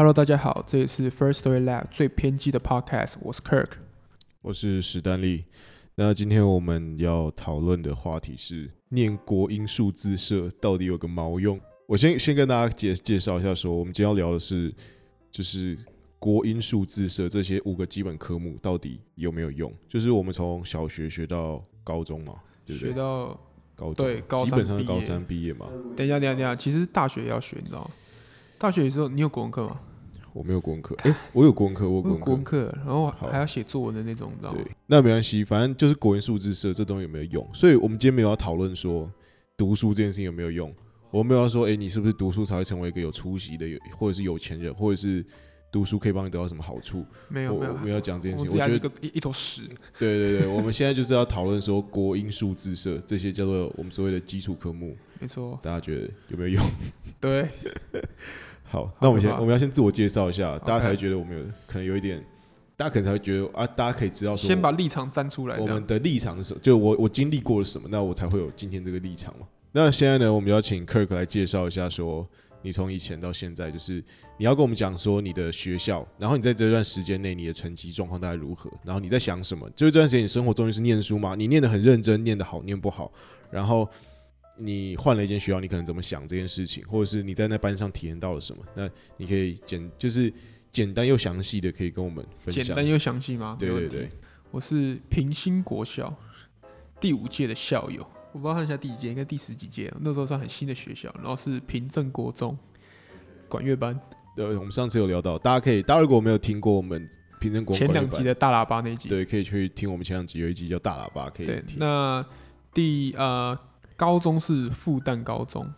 Hello，大家好，這裡是 First Story Lab 最偏激的 podcast，我是 Kirk，我是史丹利。那今天我們要討論的話題是念國英數自社到底有個毛用？我先先跟大家介介紹一下說，說我們今天要聊的是，就是國英數自社這些五個基本科目到底有沒有用？就是我們從小學學到高中嘛，對不對？學到高中，對，高基本上是高三畢業嘛。等一下，等一下，等一下，其實大學也要學，你知道嗎？大學的時候你有國文課嗎？我沒有國文課，哎、欸，我有國文課，我有國文課，然後我還要寫作文的那種，你知道嗎？對，那沒關係，反正就是國英數自社這東西有沒有用？所以我們今天沒有要討論說讀書這件事情有沒有用，我沒有要說，哎、欸，你是不是讀書才會成為一個有出息的，有或者是有錢人，或者是讀書可以幫你得到什麼好處？沒有，我沒有，我們要講這件事情，我，我，我覺得我一一坨屎。對對對， 我們現在就是要討論說國英數自社這些叫做我們所謂的基礎科目，沒錯錯，大家覺得有沒有用？對。 好，那我們先，我們要先自我介紹一下，大家才會覺得我們有 Okay 可能有一點，大家可能才會覺得啊，大家可以知道說，先把立場站出來，我們的立場是什麼，就我我經歷過了什麼，那我才會有今天這個立場嘛。那現在呢，我們就要請 Kirk 來介紹一下說，說你從以前到現在，就是你要跟我們講說你的學校，然後你在這段時間內你的成績狀況大概如何，然後你在想什麼？就是這段時間你生活中間是念書嘛，你念得很認真，念得好，念不好，然後。你換了一間學校，你可能怎麼想這件事情，或者是你在那班上體驗到了什麼？那你可以簡，就是簡單又詳細的，可以跟我們分享簡單又詳細嗎？對對對。我是平新國校第五屆的校友，我不知道看一下第幾屆，應該第十幾屆？那時候算很新的學校。然後是屏鎮國中管樂班。對，我們上次有聊到，大家可以，大家如果沒有聽過我們屏鎮國前兩集的大喇叭那集，對，可以去聽我們前兩集有一集叫大喇叭，可以聽。那第呃。高中是復旦高中，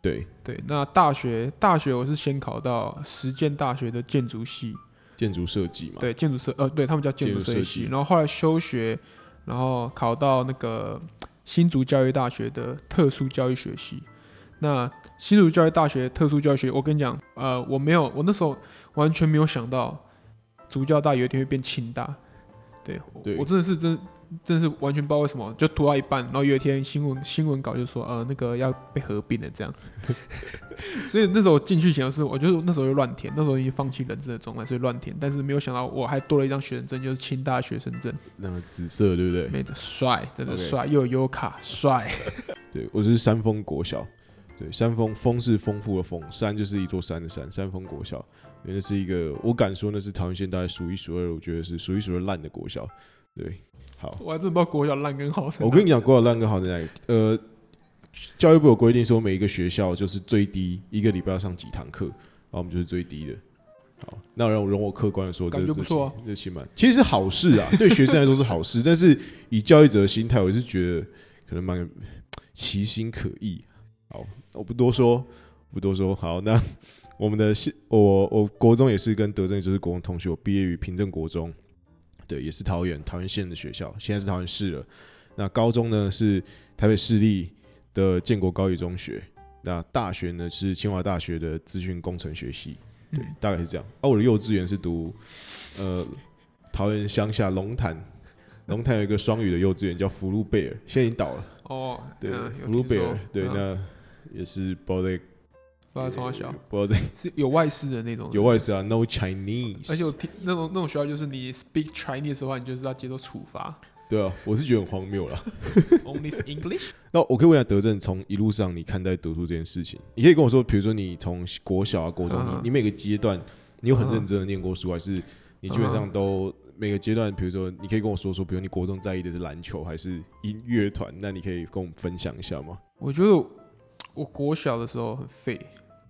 對對，那大學大學我是先考到實踐大學的建築系，建築設計嘛，對建築設呃，對他們叫建築設計，然後後來休學，然後考到那個新竹教育大學的特殊教育學系，那新竹教育大學特殊教育學，我跟你講，呃，我沒有，我那時候完全沒有想到，竹教大有一天會變清大，對,對我真的是真。真的是完全不知道為什麼就塗到一半，然後有一天新聞新聞稿就說，呃那個要被合併了，欸、這樣， 所以那時候進去前是，我就是那時候就亂填，那時候已經放棄人生的狀態，所以亂填，但是沒有想到我還多了一張學生證，就是清大學生證，那個紫色對不對？沒得帥，真的帥，Okay. 又有優卡帥，對我是山峰國小，對山峰峰是豐富的峰，山就是一座山的山，山峰國小，因為那是一個我敢說那是桃園縣大概數一數二，我覺得是數一數二爛的,的國小。對，好。我還真不知道國小爛跟好。我跟你講，國小爛跟好在哪裡？ 呃，教育部有規定說，每一個學校就是最低一個禮拜要上幾堂課，後、啊、我們就是最低的。好，那讓我容我客觀的說，這是不錯、啊，這起碼其實是好事啊，對學生來說是好事。 但是以教育者的心態，我是覺得可能蠻其心可議。好，我不多說，不多說。好，那我們的我我國中也是跟德正，就是國中同學，我畢業於平鎮國中。對，也是桃園，桃園縣的學校，現在是桃園市了。那高中呢，是台北市立的建國高級中學。那大學呢，是清華大學的資訊工程學系。對，嗯、大概是這樣。哦、啊，我的幼稚園是讀，呃，桃園鄉下龍潭，龍潭有一個雙語的幼稚園，叫福祿貝爾，bear, 現在已經倒了。哦，對，福祿貝爾，bear, 嗯、對，那也是包在。不要在是有外事的那種的，有外事啊，no Chinese。而且我聽那種那種學校，就是你 speak Chinese 的話，你就是要接受處罰。對啊，我是覺得很荒謬了。 Only is English。 那我可以問一下德正，從一路上你看待讀書這件事情，你可以跟我說，比如說你從國小啊、國中，你、uh huh. 你每個階段，你有很認真的念過書，uh huh. 還是你基本上都每個階段，比如說你可以跟我說說，比如說你國中在意的是籃球還是音樂團，那你可以跟我們分享一下嗎？我覺得我，我國小的時候很廢。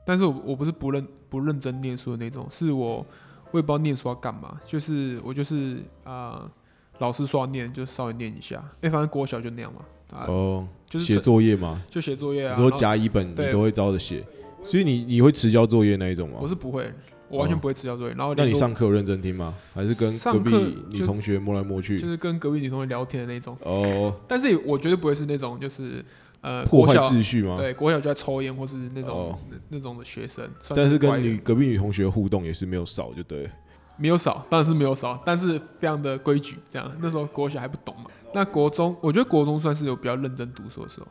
但是我我不是不認不認真唸書的那種，是我我也不知道唸書要幹嘛，就是我就是啊、呃，老師說要念就稍微念一下，哎，反正國小就那樣嘛。啊、哦，就是寫作業嘛，就寫作業啊，說甲乙本你都會照着寫，對所以你你會遲交作業那一種嗎？我是不會，我完全不會遲交作業。哦、然後那你上課認真聽嗎？還是跟隔壁女同學摸來摸去？就，就是跟隔壁女同學聊天的那種。哦，但是我絕對不會是那種就是。呃，破壞秩序嗎？對，國小就在抽菸或是那種、哦、那，那種的學生。是，但是跟女隔壁女同學互動也是沒有少，就對，沒有少，當然是沒有少，但是非常的規矩。這樣，那時候國小還不懂嘛。那國中，我覺得國中算是有比較認真讀書的時候。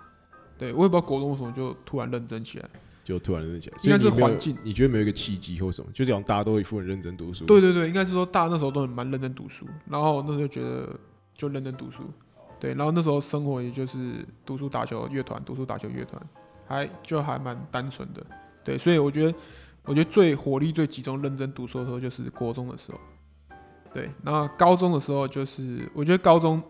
對，我也不知道國中為什麼就突然認真起來，就突然認真起來。應該是環境，你覺得沒有一個契機或什麼？就這樣，大家都一副很認真讀書。對對對，應該是說大家那時候都很蠻認真讀書，然後那時候覺得就認真讀書。對，然後那時候生活也就是讀書打球樂團，讀書打球樂團，還就還蠻單純的，對，所以我覺得，我覺得最火力最集中、認真讀書的時候就是國中的時候，對，那高中的時候就是，我覺得高中，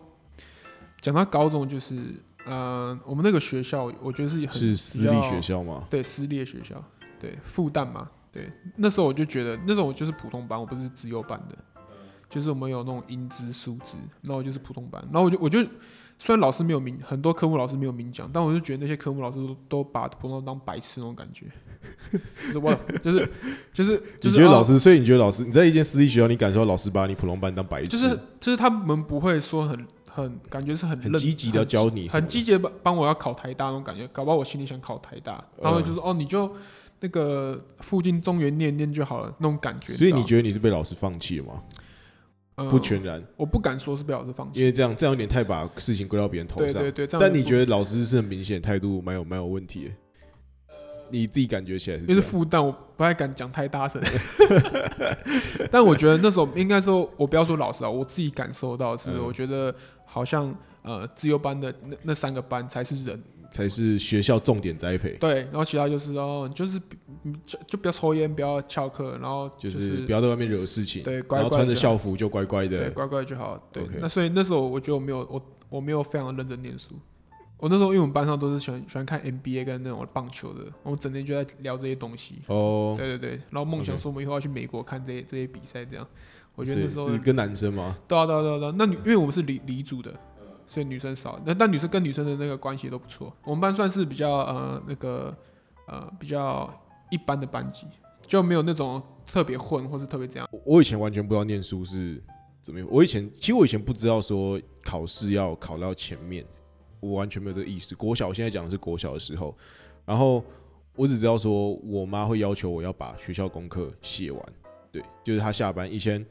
講到高中就是，呃，我們那個學校，我覺得是很是私立學校嗎？對，私立的學校，對，復旦嘛，對，那時候我就覺得，那時候我就是普通班，我不是資優班的。就是我們有那種英資、數資，然後就是普通班，然後我就我就雖然老師沒有明，很多科目老師沒有明講，但我就覺得那些科目老師都都把普通班當白痴那種感覺。 就是就是就是、就是、你覺得老師，哦、所以你覺得老師你在一間私立學校，你感受老師把你普通班當白痴，就是就是他們不會說很很感覺是很很積極的教你很，很積極幫幫我要考台大那種感覺，搞不好我心裡想考台大，然後就說、嗯、哦你就那個附近中原念念就好了那種感覺。所以你覺得你是被老師放棄了嗎？不全然，嗯，我不敢說是被老師放棄，因為這樣這樣有點太把事情歸到別人頭上。對對，對但你覺得老師是很明顯態度蠻有蠻有問題的，呃、你自己感覺起來是？因為是負擔，我不太敢講太大聲， 但我覺得那時候應該說，我不要說老師啊、喔，我自己感受到是，嗯，我覺得好像呃自由班的那那三個班才是人。才是學校重點栽培。對，然後其他就是，然後、哦、就是就就不要抽菸，不要翹課，然後就是，就是不要在外面惹事情，對，乖乖。然後穿着校服就乖乖的，對，乖乖就好。對，Okay. 那所以那時候我覺得我沒有，我我沒有非常認真念書。我那時候因為我們班上都是喜歡喜歡看 NBA 跟那種棒球的，我整天就在聊這些東西。哦，oh, 對對對。然後夢想說我們以後要去美國看這些這些比賽，這樣。我覺得那時候是，是跟男生嗎？對啊對啊對啊對啊，那你、嗯、因為我是理理組的。所以女生少，那但女生跟女生的那個關係都不錯。我們班算是比較呃、那個呃、比較一般的班級，就沒有那種特別混或是特別怎樣。我以前完全不知道念書是怎麼樣。我以前其實我以前不知道說考試要考到前面，我完全沒有這個意識。國小，我現在講的是國小的時候，然後我只知道說我媽會要求我要把學校功課寫完，對，就是她下班以前。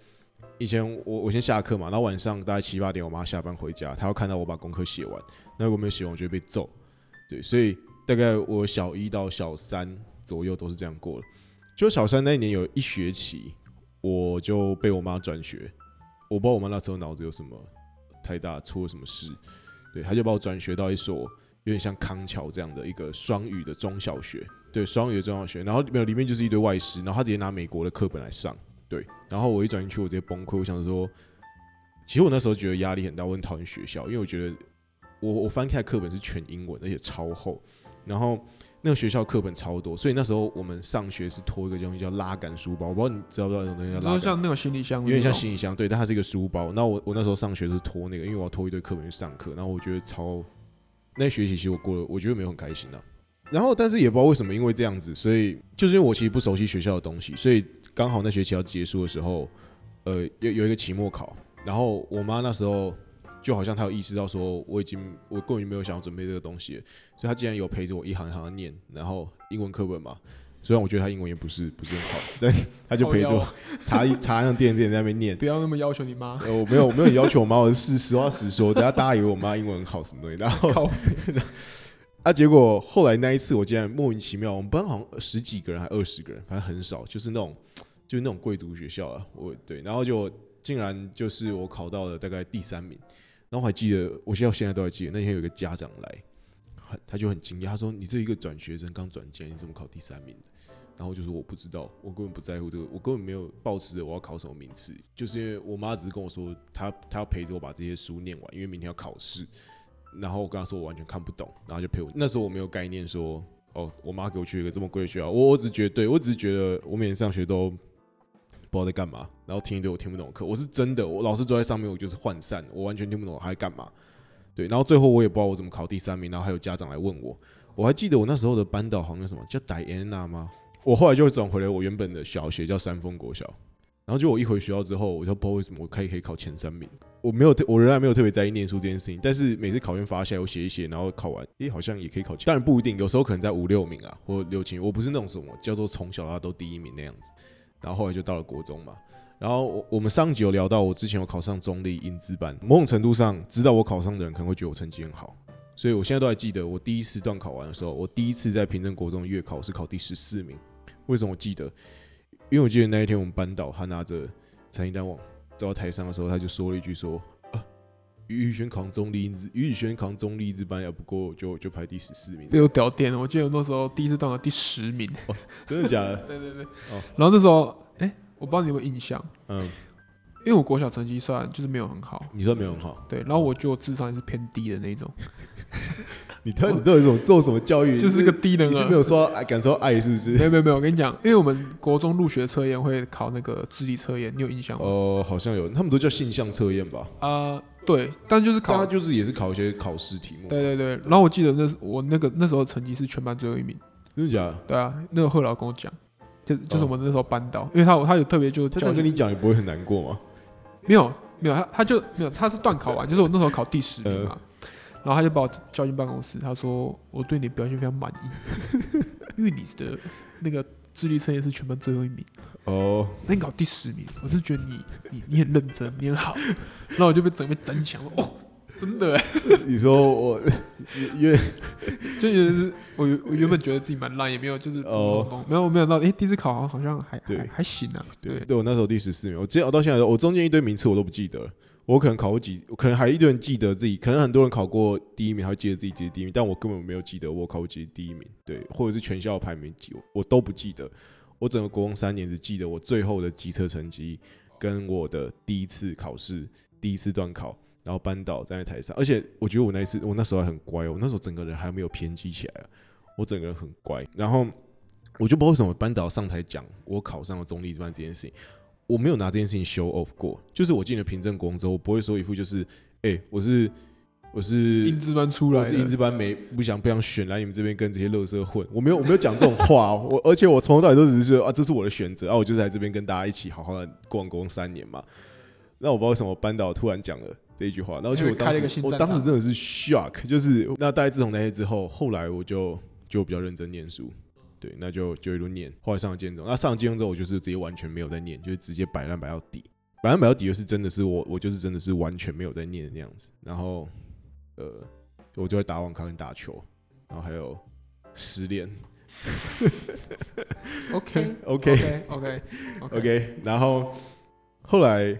以前我，我先下課嘛，然後晚上大概七八點，我媽下班回家，她要看到我把功課寫完。那如果沒有寫完，我就會被揍。對，所以大概我小一到小三左右都是這樣過的。就小三那一年有一學期，我就被我媽轉學。我不知道我媽那時候腦子有什麼太大，出了什麼事。對，她就把我轉學到一所有點像康橋這樣的一個雙語的中小學。對，雙語的中小學，然後沒有裡面就是一堆外師，然後她直接拿美國的課本來上。對，然後我一轉進去，我直接崩潰。我想說，其實我那時候覺得壓力很大，我很討厭學校，因為我覺得我我翻開課本是全英文，而且超厚。然後那個學校課本超多，所以那時候我們上學是拖一個東西叫拉桿書包，我不知道你知道不知道那種東西叫拉桿，像那個行李箱，有點像行李箱，對，但它是一個書包。那我我那時候上學是拖那個，因為我要拖一堆課本去上課。然後我覺得超，那個、學期其實我過了，我覺得沒有很開心啊。然後但是也不知道為什麼，因為這樣子，所以就是因為我其實不熟悉學校的東西，所以。剛好那學期要結束的時候，呃，有有一個期末考，然後我媽那時候就好像她有意識到說我已經我根本沒有想要準備這個東西了，所以她竟然有陪着我一行一行的念，然後英文課本嘛，雖然我覺得她英文也不是不是很好， 但她就陪着我查一 查那個電電在那邊念。不要那麼要求你媽。 呃，我沒有我沒有要求我媽，我是事實話實說，等下大家以為我媽英文好什麼東西，然後 啊，結果後來那一次我竟然莫名其妙，我們班好像十幾個人還二十個人，反正很少，就是那種。就那種貴族學校啊，我對，然後就竟然就是我考到了大概第三名，然後還記得我現在現在都還記得那天有一個家長來，很他就很驚訝，他說：“你這一個轉學生，剛轉進來，你怎麼考第三名？”然後就說：“我不知道，我根本不在乎這個，我根本沒有抱持着我要考什麼名次，就是因為我媽只是跟我說，她她要陪着我把這些書念完，因為明天要考試。然後我跟她說我完全看不懂，然後就陪我。那時候我沒有概念說，哦，我媽給我去了一個這麼貴的學校，我我只是覺得對，我只是覺得我每天上學都。”我在幹嘛？然後聽一堆我聽不懂的課，我是真的，我老師坐在上面，我就是渙散，我完全聽不懂他在幹嘛。對，然後最後我也不知道我怎麼考第三名，然後還有家長來問我。我還記得我那時候的班導好像叫什麼叫戴安娜嗎？我後來就轉回來我原本的小學叫三峰國小。然後就我一回學校之後，我就不知道為什麼我可以可以考前三名。我沒有，我仍然沒有特別在意念書這件事情。但是每次考卷發下來，我寫一寫，然後考完，誒，好像也可以考前。當然不一定，有時候可能在五六名啊，或六七。我不是那種什麼叫做從小到大都第一名那樣子。然後後來就到了國中嘛，然後我我們上一集有聊到，我之前有考上中立英資班，某種程度上知道我考上的人可能會覺得我成績很好，所以我現在都還記得我第一次段考完的時候，我第一次在平鎮國中月考是考第十四名。為什麼我記得？因為我記得那一天我們班導他拿着成績單往走到台上的時候，他就說了一句說。余宇軒扛中立，余宇軒扛中立一班也不過就就排第十四名，有屌點。我記得我那時候第一次到了第十名。哦，真的假的？ 對對對。哦，然後那時候，哎，欸，我不知道你有沒有印象？嗯，因為我國小成績算就是沒有很好，你算沒有很好？對，然後我就智商也是偏低的那種。嗯 你到底都有什麼受什麼教育哦？就是個低能啊！你沒有說，哎，敢說愛是不是？ 沒有沒有沒有，我跟你講，因為我們國中入學測驗會考那個智力測驗，你有印象嗎？呃，好像有，他們都叫性向測驗吧？啊、呃，對，但就是考，他就是也是考一些考試題目。對對對，然後我記得那我那個那時候的成績是全班最後一名，真的假的？對啊，那個賀老跟我講，就就是我們那時候班導，呃、因為他他有特別就想跟你講，也不會很難過嗎？沒有沒有，他他就沒有，他是段考完，對 就是我那時候考第十名嘛。呃然後他就把我叫進辦公室，他說：“我對你表現非常滿意，因為你的那個智力測驗是全班最後一名哦。那你考第十名，我就覺得你你你很認真，你很好。然後我就被整個被增強了哦，真的。你說我，因為就覺得我我原本覺得自己蠻爛，也沒有就是哦，沒有沒有到誒，第一次考好像還還還行啊。對，對我那時候第十四名，我直接熬到現在我中間一堆名次我都不記得。”我可能考過幾，我可能還一堆人記得自己，可能很多人考過第一名，還會記得自己，自己第一名，但我根本沒有記得我考過幾次第一名，對，或者是全校排名幾，我都不記得。我整個國中三年只記得我最後我的機車成績，跟我的第一次考試，第一次段考，然後班導站在台上，而且我覺得我那一次，我那時候還很乖，我那時候整個人還沒有偏激起來，我整個人很乖，然後我就不知道為什麼班導上台講我考上了中立班這件事情。我沒有拿這件事情 show off 過，就是我進了憑證國中之後，我不會說一副就是，哎、欸，我是我是英資班出來，英資班沒了不想不想選來你們這邊跟這些樂色混，我沒有我沒有講這種話。 我而且我從頭到尾都只是說啊，這是我的選擇，啊，我就是來這邊跟大家一起好好的逛工三年嘛。那我不知道為什麼班導突然講了這一句話，然後去我當開了一個新站，我當時真的是 shock，就是那大概自從那些之後，後來我就就比較認真念書。對，那就就一路念，後來上了建中，那上了建中之後，我就是直接完全沒有再念，就是直接擺爛擺到底，擺爛擺到底就是真的是我，我就是真的是完全沒有再念的那樣子。然後，呃，我就會打網咖跟打球，然後還有失戀。OK OK OK OK，然後後來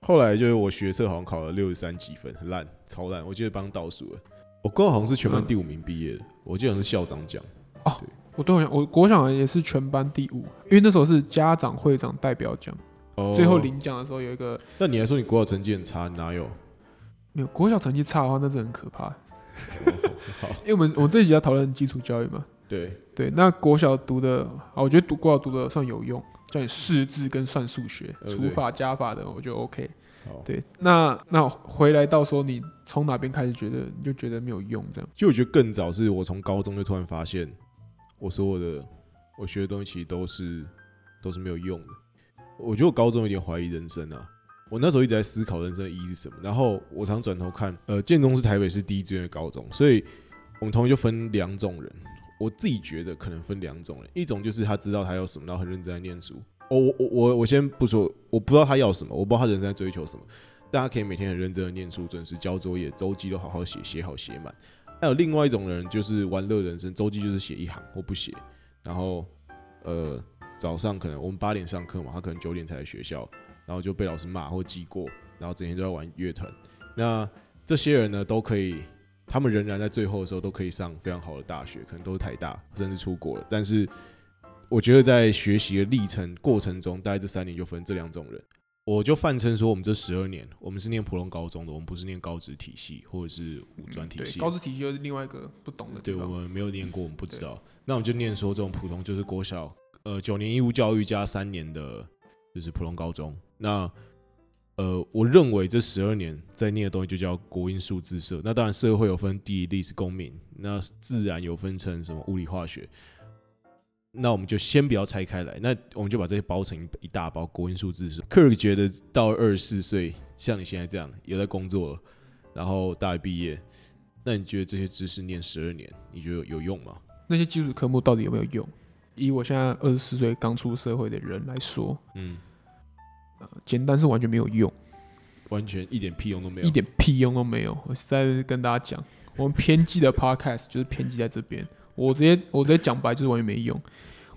後來就是我學測好像考了六十三級分，很爛超爛，我記得幫倒數了。我哥好像是全班第五名畢業的，嗯、我記得好像是校長獎。對哦。我都想，我國小也是全班第五，因為那時候是家長會長代表獎，哦、最後領獎的時候有一個。那你還說你國小成績很差，你哪有？沒有國小成績差的話，那是很可怕。哦、 因為我們我們這一集要討論基礎教育嘛。對對，那國小讀的啊，我覺得讀國小讀的算有用，叫你識字跟算數學，哦、除法加法的，我覺得 OK 好。對，那那回來到時候，你從哪邊開始覺得你就覺得沒有用這樣？就我覺得更早是我從高中就突然發現。我所有的，我學的東西都是都是沒有用的。我覺得我高中有點懷疑人生啊。我那時候一直在思考人生的意義是什麼，然後我常轉頭看，呃，建中是台北市第一志願的高中，所以我們同學就分兩種人。我自己覺得可能分兩種人，一種就是他知道他要什麼，然後很認真在念書。哦、我我我我先不說，我不知道他要什麼，我不知道他人生在追求什麼。大家可以每天很認真的念書，準時交作業，週記都好好寫，寫好寫滿。還有另外一種人，就是玩樂人生，週記就是寫一行或不寫，然後，呃，早上可能我們八點上課嘛，他可能九點才來學校，然後就被老師罵或記過，然後整天都在玩樂團。那這些人呢，都可以，他們仍然在最後的時候都可以上非常好的大學，可能都是台大，甚至出國了。但是，我覺得在學習的歷程過程中，大概這三年就分這兩種人。我就泛稱說，我們這十二年，我們是念普通高中的，我們不是念高職體系或者是五專體系。對，高職體系又是另外一個不懂的。對，我們沒有念過，我們不知道。那我們就念說這種普通就是國小，呃，九年義務教育加三年的，就是普通高中。那呃，我認為這十二年在念的東西就叫國英數自社。那當然，社會有分地理、歷史、公民；那自然有分成什麼物理、化學。那我們就先不要拆開來，那我們就把這些包成一大包國英數自社。Kirk 覺得到二十四歲，像你現在這樣也在工作了，然後大學畢業，那你覺得這些知識念十二年，你覺得有用嗎？那些基礎科目到底有沒有用？以我現在二十四歲剛出社會的人來說，嗯、呃，簡單是完全沒有用，完全一點屁用都沒有，一點屁用都沒有。我是在跟大家講，我們偏激的 podcast 就是偏激在這邊。我直接我直接講白，就是完全沒用，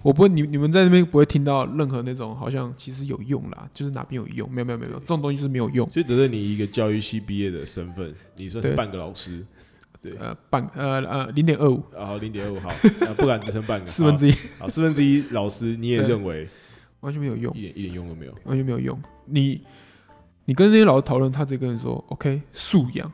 我不會你你們在那邊不會聽到任何那種好像其實有用啦，就是哪邊有用？沒有沒有沒有，對這種東西是沒有用。所以只是你一個教育系畢業的身份，你算是半個老師。對，對呃半呃呃零點二五。然後零點二五，好，不敢自稱半個四分之一。啊， 四分之一老師你也認為完全沒有用，一點一點用都沒有，完全沒有用。你你跟那些老師討論，他直接跟你說 OK 素養。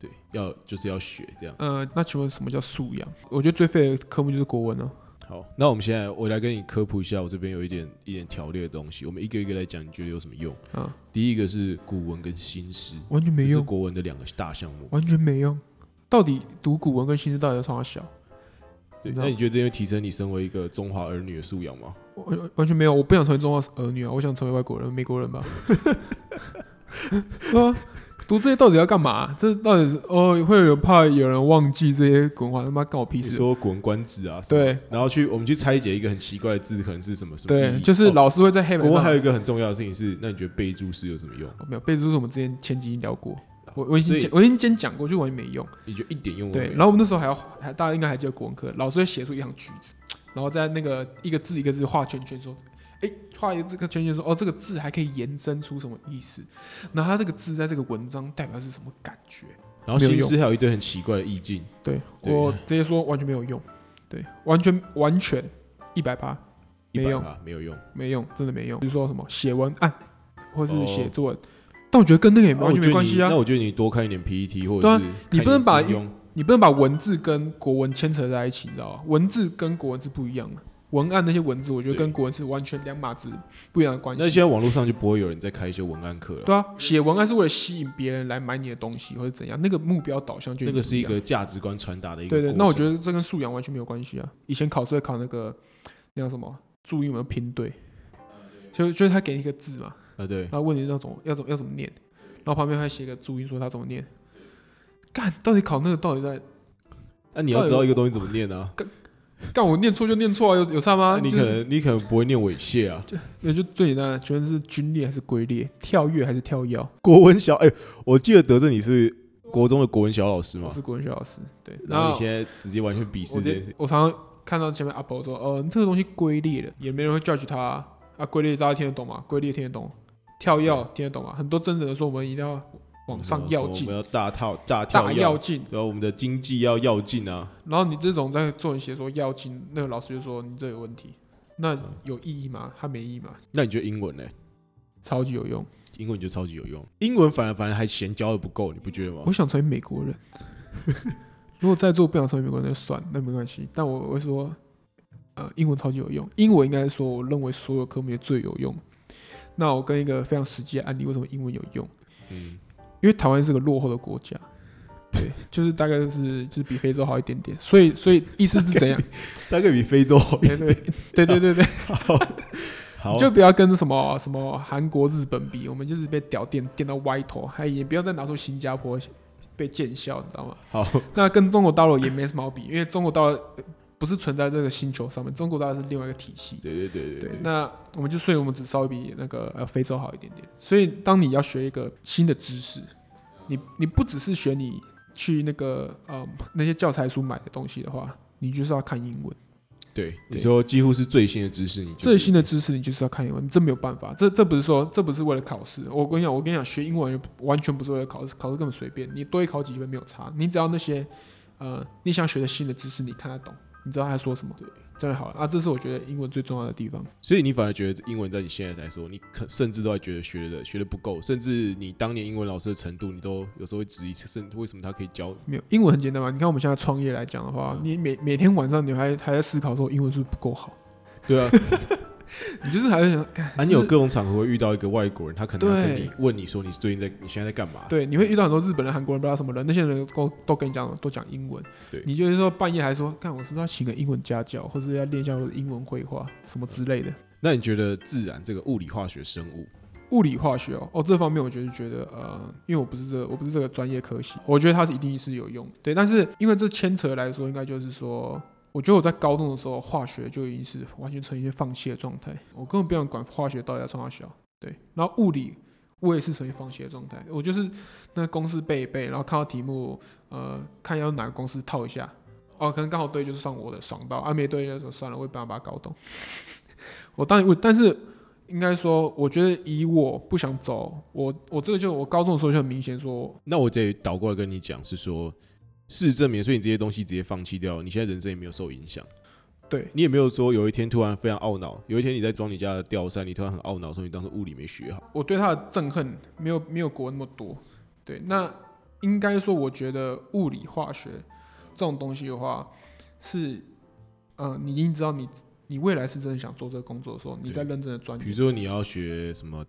對，要就是要學這樣。呃，那請問什麼叫素養？我覺得最廢的科目就是國文了、啊。好，那我們現在我來跟你科普一下，我這邊有一點一點條列的東西，我們一個一個來講，你覺得有什麼用啊？第一個是古文跟新詩，完全沒用，是國文的兩個大項目，完全沒用。到底讀古文跟新詩，大家上哪學？對，你那你覺得這些提升你身為一個中華兒女的素養嗎？完完全沒有，我不想成為中華兒女啊，我想成為外國人，美國人吧。讀這些到底要幹嘛、啊？這到底是哦，會有人怕有人忘記這些古文，他媽干我屁事！你說《古文觀止》啊？對。然後去我們去拆解一個很奇怪的字，可能是什麼什麼？對，就是老師會在黑板上。古、哦、文還有一個很重要的事情是，那你覺得背註是有什麼用？哦、沒有，背註是我們之前前幾集聊過好我，我已經以我已經講過，就完全沒用。也就一點用都沒有。對，然後我們那時候還要還大家應該還記得古文課，老師會寫出一行句子，然後在那個一個字一個字畫圈圈說哎，畫、欸、一個這個圈圈說哦，這個字還可以延伸出什麼意思？那他這個字在這個文章代表是什麼感覺？然後有用，還有一堆很奇怪的意境。對，對我直接說完全沒有用，對，完全完全一百八，沒用，沒有用，沒用，真的沒用。比如說什麼寫文案、啊，或是寫作文，呃、但我覺得跟那個也沒有關係啊。我啊那我覺得你多看一點 PET 或者是、啊，你不能把用你不能把文字跟國文牽扯在一起，你知道嗎？文字跟國文字不一樣嘛。文案那些文字，我覺得跟國文是完全兩碼子不一樣的關係。那現在網絡上就不會有人在開一些文案課了。對啊，寫文案是為了吸引別人來買你的東西或者怎樣，那個目標導向就是那個是一個價值觀傳達的一個。對對，對，那我覺得這跟素養完全沒有關係啊。以前考試會考那個那叫什麼注音有沒有拼對？就就是他給你一個字嘛，啊對，然後問你要怎麼要怎麼要怎麼，要怎麼念，然後旁邊還寫個注音說他怎麼念，幹到底考那個到底在？那你要知道一個東西怎麼念啊？但我念錯就念錯啊，有有差嗎？你可能、就是、你可能不會念猥褻啊，那就最簡單的，絕對是軍裂還是龜裂，跳躍還是跳藥？國文小哎、欸，我記得德政你是國中的國文小老師嘛？是國文小老師，對。然後，然後你現在直接完全鄙視我。常常看到前面阿婆說，嗯、呃，這個東西龜裂的，也沒人會 judge 他啊，啊龜裂大家聽得懂嗎？龜裂聽得懂，跳躍、嗯、聽得懂嗎？很多真誠的說，我們一定要。往上要進，要大套大套，要進，然後我們的經濟要要進啊。嗯、然後你這種在作文寫說要進，那個老師就說你這有問題，那有意義嗎？他、嗯、沒意義嗎？那你覺得英文呢？超級有用，英文就超級有用。英文反而反而還嫌教的不夠，你不覺得嗎？我想成為美國人。 如果在座不想成為美國人那就算，算那沒關係。但我會說，呃，英文超級有用，英文應該說我認為所有科目也最有用。那我跟一個非常實際的案例，為什麼英文有用？嗯。因為台灣是個落後的國家， 對，就是大概就是就是比非洲好一點點，所以所以意思是怎樣大？大概比非洲好一點點， 對對對對好 好。好，就不要跟什麼什麼韓國、日本比，我們就是被屌電電到歪頭，還也不要再拿出新加坡被見笑，你知道嗎？好，那跟中國大陸也沒什麼好比，因為中國大陸。不是存在這個星球上面，中國大陸是另外一個體系，對對對對，對。那我們就所以我們只稍微比那個呃非洲好一點點。所以當你要學一個新的知識，你你不只是學你去那個呃、嗯、那些教材書買的東西的話，你就是要看英文。對，對你說幾乎是最新的知識，你最新的知識你就是要看英文，這沒有辦法，這這不是說這不是為了考試。我跟你講，我跟你講，學英文完全不是為了考試，考試根本隨便，你多一考幾分沒有差，你只要那些呃你想學的新的知識，你看得懂，你知道他在說什麼？對，這樣好了啊！這是我覺得英文最重要的地方。所以你反而覺得英文在你現在來說，你可甚至都還覺得學的學的不夠，甚至你當年英文老師的程度，你都有時候會質疑，是為什麼他可以教？沒有，英文很簡單嘛！你看我們現在創業來講的話，嗯、你每每天晚上你還還在思考說英文是不是不夠好？對啊。 你就是還想、就是想，很、啊、有各種場合會遇到一個外國人，他可能會跟你問你說你最近在對你現在在幹嘛？對，你會遇到很多日本人、韓國人，不知道什麼人，那些人都都跟你講都講英文。對，你就是說半夜還說乾，我是不是要請個英文家教，或是要練一下我的英文會話什麼之類的。那你覺得自然這個物理、化學、生物、物理、化學哦、喔，哦、喔，這方面我就覺得覺得呃，因為我不是這個、我不是這個專業科系，我覺得它是一定是有用的。對，但是因為這牽扯來說，應該就是說。我覺得我在高中的時候，化學就已經是完全處於一個放棄的狀態，我根本不想管化學到底要上到小，對，然後物理我也是處於放棄的狀態，我就是那公式背一背，然後看到題目，呃，看要哪個公式套一下，哦、啊，可能剛好對，就是算我的爽，爽到啊，沒對，就說算了，我也沒辦法把它搞懂。我當然，我但是應該說，我覺得以我不想走，我我這個就我高中的時候就很明顯說，那我得倒過來跟你講，是說。事實證明，所以你這些東西直接放棄掉了，你現在人生也沒有受影響。對，你也沒有說有一天突然非常懊惱，有一天你在裝你家的吊扇，你突然很懊惱，說你當時物理沒學好。我對他的憎恨沒有沒有國文那麼多。對，那應該說，我覺得物理化學這種東西的話，是，呃，你已經知道你你未來是真的想做這個工作的時候，你在認真的專研。比如說你要學什麼？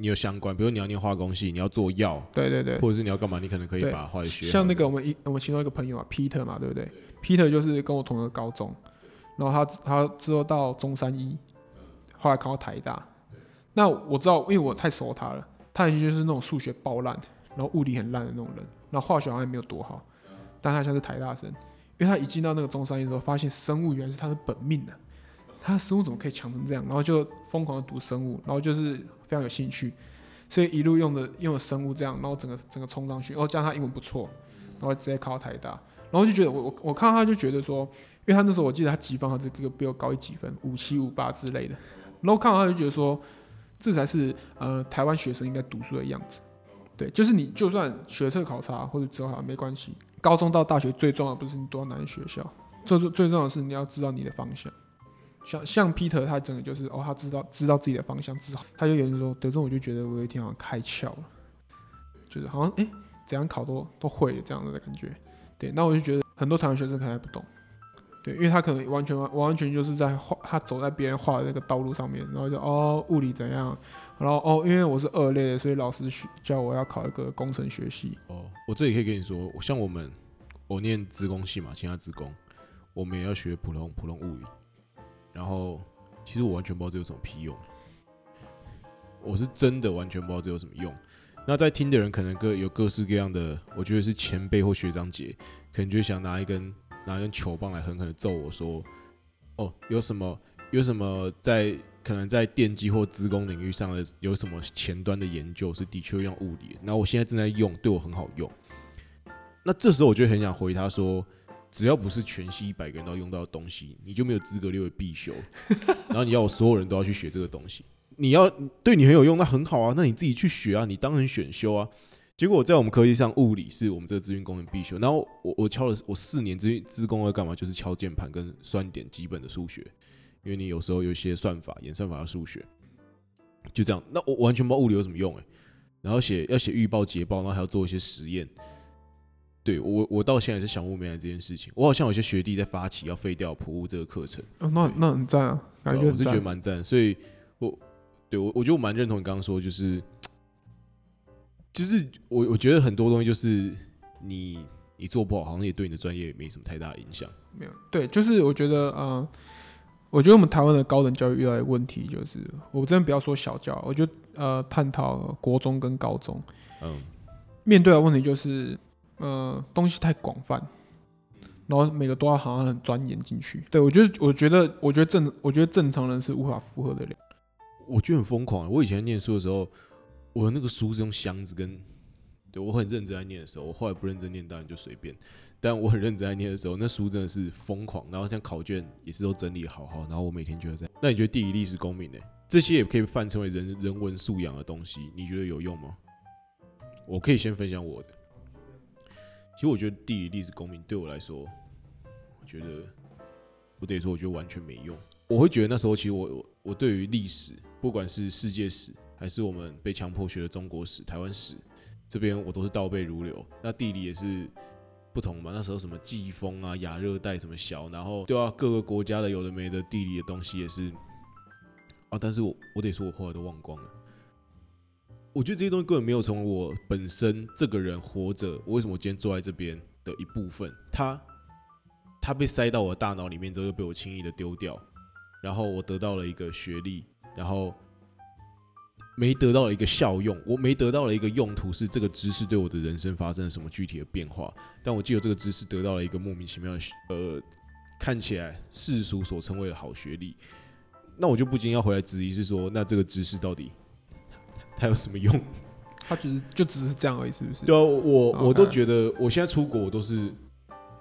你有相關，比如你要念化工系，你要做藥。對對對，或者是你要幹嘛，你可能可以把化學。像那個我們一我們其中一個朋友啊，Peter 嘛，對不對？Peter 就是跟我同一個高中，然後他他之後到中山醫，後來考到台大。那我知道，因為我太熟他了，他其實就是那種數學爆爛，然後物理很爛的那種人，然後化學好像也沒有多好，但他像是台大生，因為他一進到那個中山醫之後，發現生物原來是他的本命呢、啊。他生物怎麼可以強成這樣？然後就瘋狂的讀生物，然後就是非常有興趣，所以一路用的用的生物這樣，然後整個整個衝上去。然後加上他英文不錯，然後直接考到台大。然後就覺得我我我看到他就覺得說，因為他那時候我記得他幾分啊，這個比我高一幾分，五七五八之類的。然後看到他就覺得說，這才是呃台灣學生應該讀書的樣子。對，就是你就算學測考差或者之後好像沒關係，高中到大學最重要的不是你讀到哪裡學校，最最最重要的是你要知道你的方向。像像 Peter，他整個就是哦，他知道知道自己的方向之後，他就有人說，得知我就覺得我一天好像開竅了，就是好像誒、欸、怎樣考都都會了這樣的感覺。對，那我就覺得很多台灣學生可能還不懂，對，因為他可能完全完完全就是在畫，他走在別人畫的那個道路上面，然後就哦物理怎樣，然後哦因為我是二類的，所以老師學教我要考一個工程學系。哦，我這裡可以跟你說，像我們我念資工系嘛，其他資工我們也要學普通普通物理。然後，其實我完全不知道這有什麼屁用。我是真的完全不知道這有什麼用。那在聽的人可能各有各式各樣的，我覺得是前輩或學長姐，可能就想拿一根拿一根球棒來狠狠的揍我說：“哦，有什麼有什麼在可能在電機或資工領域上的有什麼前端的研究是的確用物理？那我現在正在用，對我很好用。”那這時候我就很想回他說。只要不是全系一百個人都用到的東西，你就沒有資格列為必修。然後你要我所有人都要去學這個東西，你要對你很有用，那很好啊，那你自己去學啊，你當然選修啊。結果在我們科技上，物理是我們這個資訊工程必修。然後我我敲了我四年資資工要幹嘛？就是敲鍵盤跟算點基本的數學，因為你有時候有一些算法、演算法要數學，就這樣。那我完全不知道物理有什麼用哎、欸。然後寫要寫預報結報，然後還要做一些實驗。對我，我到現在也是想不明白這件事情。我好像有些學弟在發起要廢掉普物這個課程。啊、哦，那對那很贊啊！感覺很我是覺得蠻贊。所以我，我對我我覺得我蠻認同你剛剛說，就是，就是我我覺得很多東西就是你你做不好好像也對你的專業沒什麼太大的影響。沒有對，就是我覺得啊、呃，我覺得我們台灣的高等教育遇到的問題，就是我真的不要說小教，我就呃，探討國中跟高中，嗯，面對的問題就是。呃，東西太廣泛，然後每個都要好像很鑽研進去。對我覺得，我覺得，我覺得正，我覺得正常人是無法負荷的，我覺得很瘋狂。我以前念書的時候，我的那個書是用箱子跟，對我很認真在念的時候，我後來不認真念，當然就隨便。但我很認真在念的時候，那書真的是瘋狂。然後像考卷也是都整理好好，然後我每天覺得這樣。那你覺得地理、歷史、公民、欸，呢？這些也可以泛稱為人人文素養的東西，你覺得有用嗎？我可以先分享我的。其實我覺得地理、歷史、公民對我來說，我覺得我得說，我覺得完全沒用。我會覺得那時候，其實我我我對於歷史，不管是世界史還是我們被強迫學的中國史、台灣史，這邊我都是倒背如流。那地理也是不同嘛，那時候什麼季風啊、亞熱帶什麼小，然後對啊，各個國家的有的沒的地理的東西也是啊。但是我我得說，我後來都忘光了。我覺得這些東西根本沒有從我本身這個人活着，我為什麼我今天坐在這邊的一部分，他他被塞到我的大腦裡面之後又被我輕易的丟掉，然後我得到了一個學歷，然後沒得到一個效用，我沒得到了一個用途，是這個知識對我的人生發生了什麼具體的變化？但我記得這個知識得到了一個莫名其妙的學，呃，看起來世俗所稱為的好學歷，那我就不禁要回來質疑是說，那這個知識到底？它有什麼用？它只是就只是這樣而已，是不是？ 對啊，我我都覺得，我現在出國，我都是，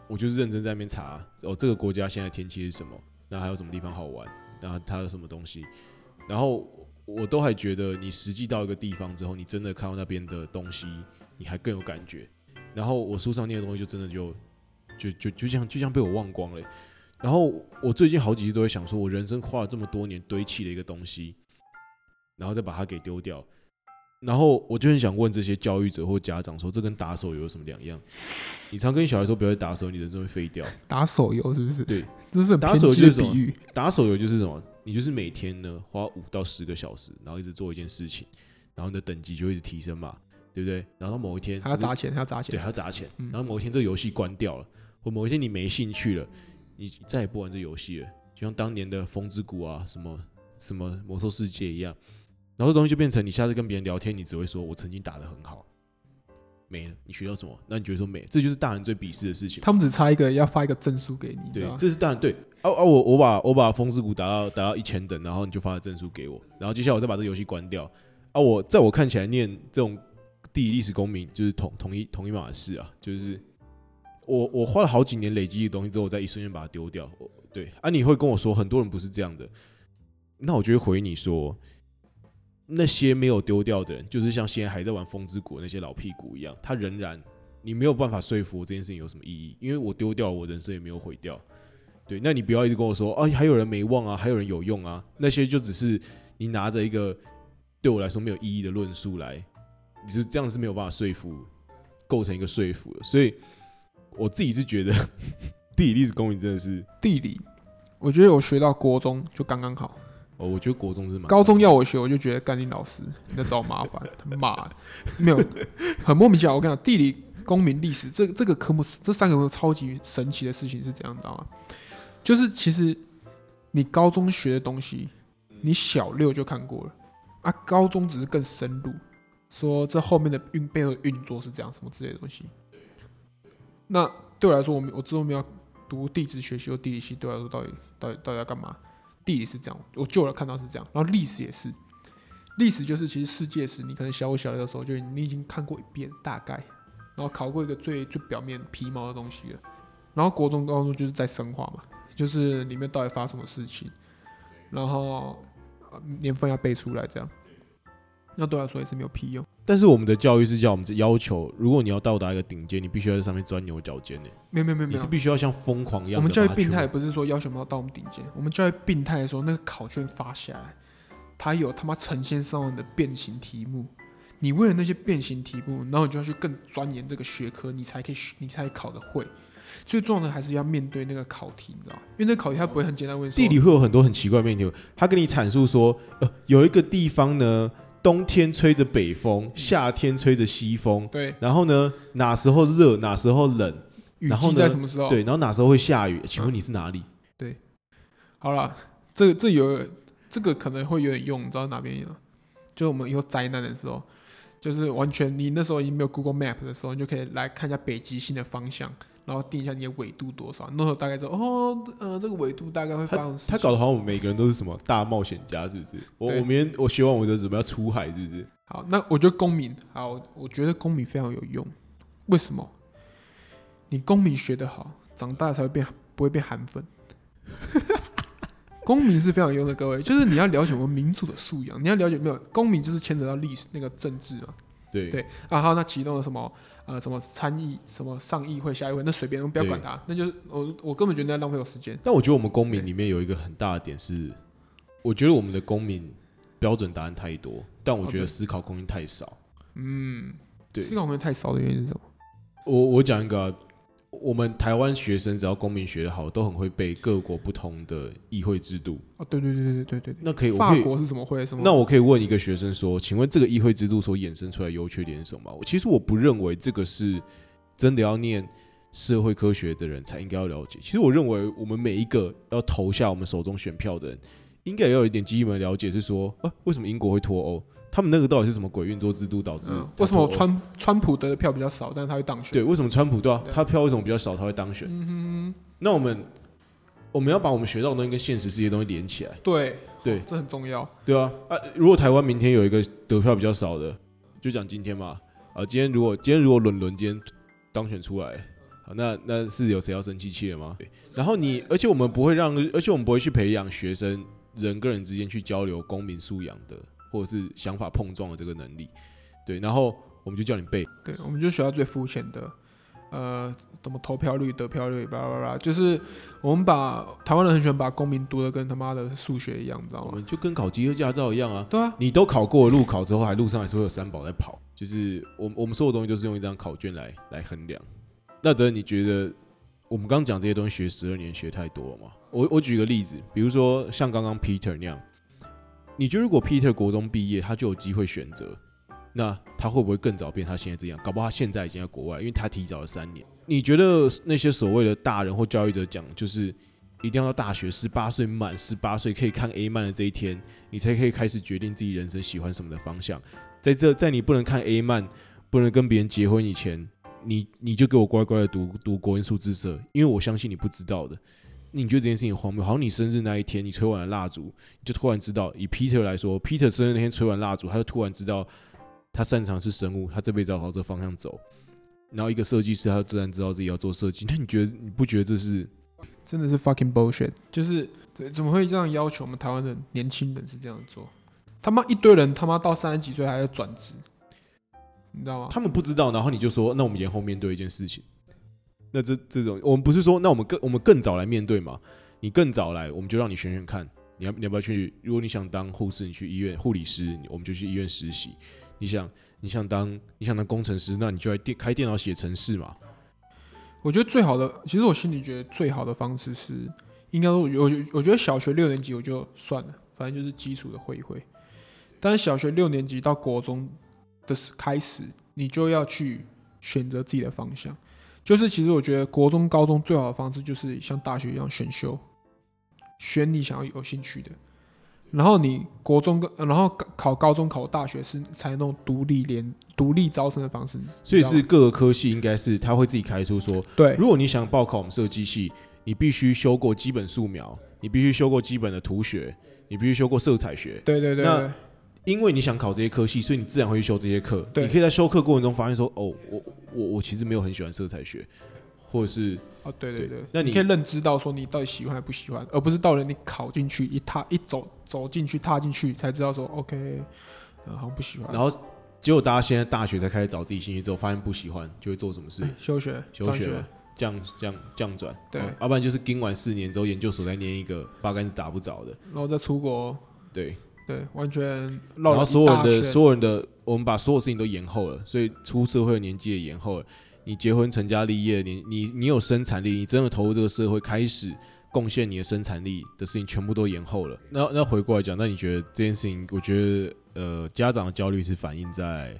我就是認真在那邊查哦，這個國家現在天氣是什麼？那還有什麼地方好玩？然後它有什麼東西？然後我都還覺得，你實際到一個地方之後，你真的看到那邊的東西，你還更有感覺。然後我書上念的東西，就真的就就就就像就像被我忘光了。然後我最近好幾次都在想，說我人生花了這麼多年堆砌的一個東西，然後再把它給丟掉。然後我就很想問這些教育者或家長說，這跟打手遊有什麼兩樣？你常跟小孩說不要打手遊，你的人生會廢掉。打手遊是不是？對，這是打手遊的比喻。打手遊就是什麼？你就是每天呢花五到十個小時，然後一直做一件事情，然後你的等級就會一直提升嘛，對不對？然後到某一天還要砸錢，還要砸錢。對，還要砸錢。嗯、然後某一天這個遊戲關掉了，或某一天你沒興趣了，你再也不玩這遊戲了，就像當年的《風之谷》啊，什麼什麼《魔獸世界》一樣。然後這東西就變成你下次跟別人聊天，你只會說“我曾經打得很好”，沒了。你學到什麼？那你覺得說沒？這就是大人最鄙視的事情。他們只差一個要發一個證書給你，對，是吧這是大人。對啊啊，我我把我把《我把風之谷》打到打到一千等，然後你就發了證書給我，然後接下來我再把這個遊戲關掉。啊，我在我看起來念這種地理歷史公民就是同同一同一碼的事啊，就是我我花了好幾年累積的東西之後，我在一瞬間把它丟掉。對啊，你會跟我說很多人不是這樣的，那我就會回你說。那些沒有丟掉的人，就是像現在還在玩風之谷那些老屁股一樣，他仍然，你沒有辦法說服我這件事情有什麼意義？因為我丟掉了，我人生也沒有毀掉。對，那你不要一直跟我說啊，還有人沒忘啊，還有人有用啊，那些就只是你拿着一個對我來說沒有意義的論述來，你就這樣是沒有辦法說服，構成一個說服的。所以，我自己是覺得地理歷史公民真的是地理，我覺得我學到國中就剛剛好。哦，我覺得國中是蠻……高中要我學，我就覺得幹你老師你在找我麻煩，他媽的，沒有很莫名其妙。我跟你講，地理、公民、歷史這這個科目，這三個都超級神奇的事情是怎樣你知道嗎？就是其實你高中學的東西，你小六就看過了啊。高中只是更深入，說這後面的運背後運作是怎樣什麼之類的東西。那對我來說，我我之後沒有讀地質學系或地理系，對我來說到底到底到底要幹嘛？地理是這樣，我舊了看到是這樣，然後歷史也是，歷史就是其實世界史，你可能小我小的時候就你已經看過一遍大概，然後考過一個最最表面皮毛的東西了，然後國中、高中就是在深化嘛，就是裡面到底發生什麼事情，然後年份要背出來這樣，那對我來說也是沒有屁用。但是我們的教育是叫我們要求，如果你要到達一個頂尖，你必須要在上面鑽牛角尖誒、欸。沒有沒有，你是必須要像瘋狂一樣。我們教育病態不是說要求要到我們頂尖，我們教育病態的時候，那個考卷發下來，它有他媽成千上萬的變形題目。你為了那些變形題目，然後你就要去更鑽研這個學科，你才可以學，你才考得會。最重要的還是要面對那個考題，你知道嗎？因為那個考題它不會很簡單，問題地理會有很多很奇怪問題，他跟你闡述說，呃，有一個地方呢。冬天吹着北風，嗯、夏天吹着西風，對。然後呢，哪時候熱，哪時候冷？雨季在什麼時候？對，然後哪時候會下雨？嗯、請問你是哪裡？對，好了，這這有這個可能會有點用，你知道哪邊有？就我們以後災難的時候，就是完全你那時候已經沒有 Google Map 的時候，你就可以來看一下北極星的方向。然後定一下你的緯度多少，那時候大概就哦，嗯、呃，這個緯度大概會發生。他搞得好像我們每個人都是什麼大冒險家，是不是？我對我明天我學完我就準備要出海，是不是？好，那我覺得公民，好，我覺得公民非常有用。為什麼？你公民學得好，長大才會變不會變韓粉。 公民是非常有用的，各位，就是你要了解我們民族的素養，你要了解沒有？公民就是牽扯到歷史那個政治嘛。對對。然、啊、好，那啟動了什麼？呃，什麼參議，什麼上議會下議會，那隨便，不要管他，對那就是我，我根本覺得那浪費我時間。但我覺得我們公民裡面有一個很大的點是，對我覺得我們的公民標準答案太多，但我覺得思考空間太少。嗯、哦，對，思考空間太少的原因是什麼？我我講一個啊。我們台灣學生只要公民學的好，都很會背各國不同的議會制度。啊、哦、對對對對對對，那可以，法國是什麼會？那我可以問一個學生說，嗯、請問這個議會制度所衍生出來優缺點是什麼？我其實我不認為這個是真的要念社會科學的人才應該要了解。其實我認為我們每一個要投下我們手中選票的人，應該也要有一點基本的了解，是說、啊、為什麼英國會脫歐？他們那個到底是什麼鬼運作制度導致？為什麼川川普得的票比較少，但是他會當選？對，為什麼川普對啊，對他票為什麼比較少，他會當選？嗯哼，那我們我們要把我們學到的東西跟現實世界東西連起來，對對，這很重要，對啊啊！如果台灣明天有一個得票比較少的，就講今天嘛啊，今天如果今天如果輪輪今天當選出來啊，那那是有誰要生氣氣了嗎？對？然後你而且我們不會讓，而且我們不會去培養學生人跟人之間去交流公民素養的。或者是想法碰撞的這個能力，對，然後我們就叫你背，對，我們就學到最膚淺的，呃，怎麼投票率、得票率，巴拉巴拉，就是我們把台灣人很喜歡把公民讀的跟他媽的數學一樣，你知道嗎？就跟考機車駕照一樣啊，對啊，你都考過路考之後，還路上還是會有三寶在跑，就是我我們所有的東西就是用一張考卷來來衡量。那德，你覺得我們剛講這些東西學十二年學太多了嗎？我我舉個例子，比如說像剛剛 Peter 那樣。你覺得如果 Peter 國中畢業，他就有機會選擇，那他會不會更早變他現在這樣？搞不好，他現在已經在國外，因為他提早了三年。你覺得那些所謂的大人或教育者講，就是一定要到大學十八歲滿十八歲可以看 A 漫的這一天，你才可以開始決定自己人生喜歡什麼的方向。在這在你不能看 A 漫、man, 不能跟別人結婚以前，你你就給我乖乖的讀讀國文、數、自、社，因為我相信你不知道的。你覺得這件事情荒謬？好像你生日那一天，你吹完了蠟燭，你就突然知道。以 Peter 來說，Peter 生日那天吹完蠟燭，他就突然知道他擅長是生物，他這輩子要朝這方向走。然後一個設計師，他就自然知道自己要做設計。那你覺得，你不覺得這是真的是 fucking bullshit？就是對，怎麼會這樣要求我們台灣的年輕人是這樣做？他媽一堆人他媽到三十幾歲還要轉職，你知道嗎？他們不知道，然後你就說，那我們延後面對一件事情。那這這種，我們不是說，那我們更我們更早來面對嘛？你更早來，我們就讓你選選看，你要你要不要去？如果你想當護士，你去醫院護理師，我們就去醫院實習；你想你想當你想當工程師，那你就來電開電腦寫程式嘛。我覺得最好的，其實我心裡覺得最好的方式是，應該說，我覺我覺得小學六年級我就算了，反正就是基礎的會一會。但是小學六年級到國中的時開始，你就要去選擇自己的方向。就是，其實我覺得國中、高中最好的方式就是像大學一樣選修，選你想要有興趣的。然後你國中跟然後考高中考大學是採用那種獨立連，獨立招生的方式。所以是各個科系應該是他會自己開出說，對。如果你想報考我們設計系，你必須修過基本素描，你必須修過基本的圖學，你必須修過色彩學。對，對對對。那因為你想考這些科系，所以你自然會去修這些課。對，對，你可以在修課過程中發現說，哦，我我我，我其實沒有很喜歡色彩學，或者是哦、啊，對對對，對。那你，你可以認知到說，你到底喜歡還是不喜歡，而不是到了你考進去一踏一走走進去踏進去才知道說，OK，嗯、好像不喜歡。然後結果大家現在大學才開始找自己興趣之後，發現不喜歡就會做什麼事？休學？休學、啊？這樣這樣這樣轉？轉對，要、啊、不然就是跟完四年之後研究所再念一個八竿子打不着的，然後再出國？對。對，完全然後所有人的、所有人的，我們把所有事情都延後了，所以出社會的年紀也延後了。你結婚、成家立業，你你你有生產力，你真的投入這個社會開始貢獻你的生產力的事情，全部都延後了。那那回過來講，那你覺得這件事情？我覺得呃，家長的焦慮是反映在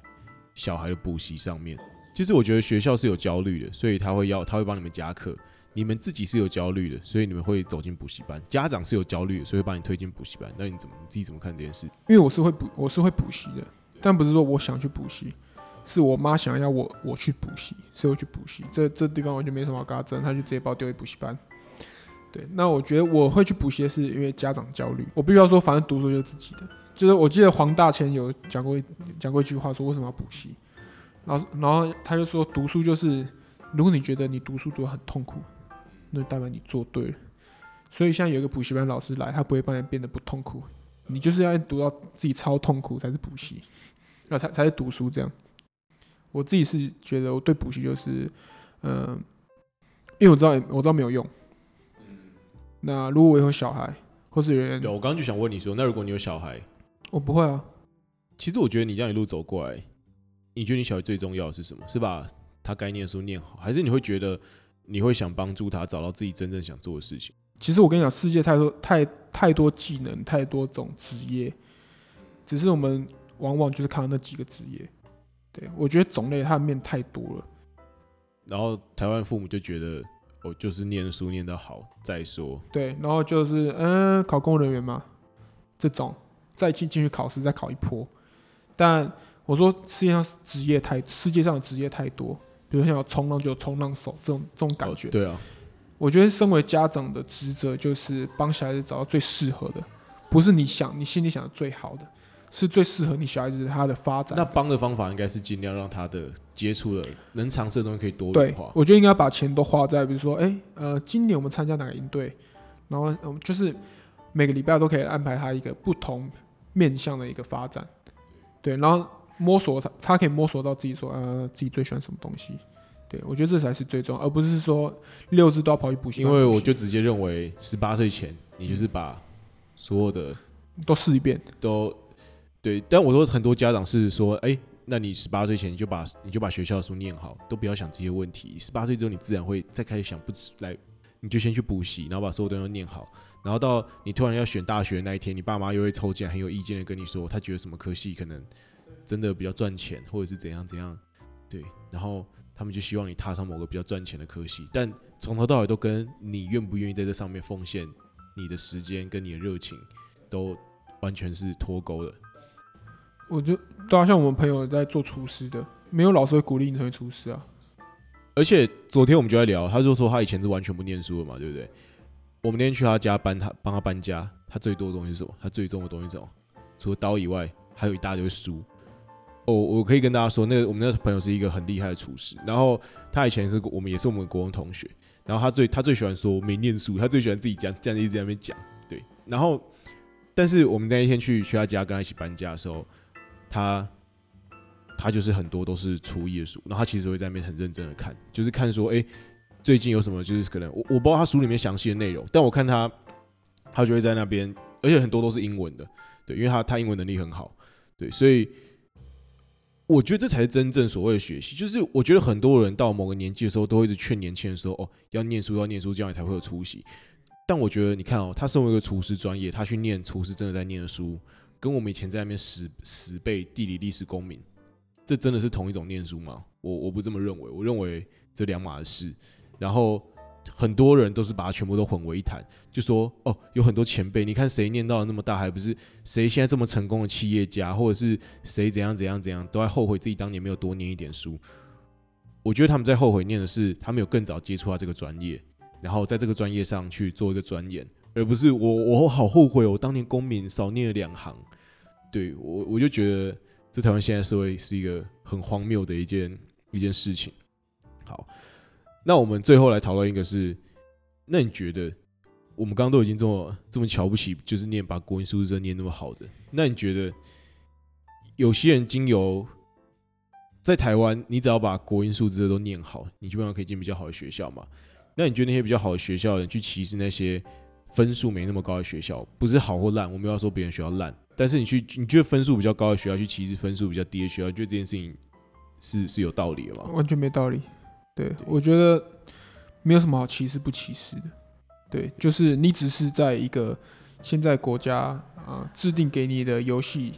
小孩的補習上面。其實我覺得學校是有焦慮的，所以他會要他會幫你們加課。你們自己是有焦慮的，所以你們會走進補習班。家長是有焦慮的，所以把你推進補習班。那你怎麼你自己怎麼看這件事？因為我是會補，我是會補習的，對但不是說我想去補習，是我媽想要我我去補習，所以我去補習。這這地方我就沒什麼要跟他爭，他就直接把我丟回補習班。對，那我覺得我會去補習是因為家長焦慮。我必須要說，反正讀書就是自己的。就是我記得黃大謙有講過講過一句話，說為什麼要補習？然後然後他就說，讀書就是如果你覺得你讀書讀得很痛苦。那代表你做對了，所以現在有一個補習班老師來，他不會幫你變得不痛苦，你就是要讀到自己超痛苦才是補習，那才才是讀書這樣。我自己是覺得我對補習就是，嗯、呃，因為我知道我知道沒有用。那如果我有小孩，或是有人，對，我剛剛就想問你說，那如果你有小孩，我不會啊。其實我覺得你這樣一路走過來，你覺得你小孩最重要的是什麼？是把他該念的書念好，還是你會覺得？你會想幫助他找到自己真正想做的事情。其實我跟你講，世界太多、太太多技能、太多種職業，只是我們往往就是看到那幾個職業。對，我覺得種類他的面太多了。然後台灣父母就覺得，哦，就是念書念得好再說。對，然後就是嗯，考公務員嘛，這種再進進去考試，再考一波。但我說世界上職業太，世界上的職業太多。比如像要衝浪，就衝浪手這種這種感覺。哦、對啊，我覺得身為家長的職責就是幫小孩子找到最適合的，不是你想、你心裡想的最好的，是最適合你小孩子他的發展的。那幫的方法應該是盡量讓他的接觸的能嘗試的東西可以多元化。對，我覺得應該把錢都花在，比如說，誒、欸、呃，今年我們參加哪個營隊，然後我就是每個禮拜都可以安排他一個不同面向的一個發展。對，然後。摸索他，他可以摸索到自己說，呃，自己最喜歡什麼東西。對，我覺得這才是最重要，而不是說六只都要跑去補習。因為我就直接認為，十八歲前你就是把所有的都試一遍，都對。但我說很多家長是說，哎、欸，那你十八歲前你就把你就把學校的書念好，都不要想這些問題。十八歲之後，你自然會再開始想不起來，不，來你就先去補習，然後把所有東西都念好，然後到你突然要選大學那一天，你爸媽又會抽筋，很有意見的跟你說，他覺得什麼科系可能。真的比較賺錢，或者是怎樣怎樣，對，然後他們就希望你踏上某個比較賺錢的科系，但從頭到尾都跟你願不願意在這上面奉獻你的時間跟你的熱情，都完全是脫鈎的。我就大家像我們朋友在做廚師的，沒有老師會鼓勵你成為廚師啊。而且昨天我們就在聊，他就說他以前是完全不念書的嘛，對不對？我們那天去他家搬他幫他搬家，他最多的東西是什麼？他最重的東西是什麼？除了刀以外，還有一大堆書。哦，oh, 我可以跟大家說，那個我們那個朋友是一個很厲害的廚師，然後他以前是我們也是我們國中同學，然後他最他最喜歡說沒念書，他最喜歡自己講樣這樣一直在那邊講，對，然後但是我們那一天去去他家跟他一起搬家的時候，他他就是很多都是廚藝的書，然後他其實會在那邊很認真的看，就是看說哎、欸、最近有什麼就是可能我我不知道他書裡面詳細的內容，但我看他他就會在那邊，而且很多都是英文的，對，因為他他英文能力很好，對，所以。我覺得這才是真正所謂的學習，就是我覺得很多人到某個年紀的時候，都會一直勸年輕人說，哦，要念書，要念書，這樣才會有出息。但我覺得，你看哦，他身為一個廚師專業，他去念廚師，真的在念書，跟我們以前在那邊死死背地理歷史公民，這真的是同一種念書嗎？我我不這麼認為，我認為這兩碼事。然後。很多人都是把它全部都混為一談，就說哦，有很多前輩，你看誰念到了那麼大，還不是誰現在這麼成功的企業家，或者是誰怎樣怎樣怎樣，都在後悔自己當年沒有多念一點書。我覺得他們在後悔念的是，他們有更早接觸到這個專業，然後在這個專業上去做一個鑽研，而不是我我好後悔，我當年公民少念了兩行。對，我我就覺得，這台灣現在社會是一個很荒謬的一件一件事情。好。那我們最後來討論一個是，那你覺得我們剛剛都已經這麼這麼瞧不起，就是念把國英數自社念那麼好的，那你覺得有些人經由在台灣，你只要把國英數自社都念好，你基本上可以進比較好的學校嘛？那你覺得那些比較好的學校，的人去歧視那些分數沒那麼高的學校，不是好或爛？我沒有說別人學校爛，但是你去你覺得分數比較高的學校去歧視分數比較低的學校，覺得這件事情是是有道理的嗎？完全沒道理。對，對我覺得沒有什麼好歧視不歧視的。對，就是你只是在一個現在國家啊、呃，制定給你的遊戲，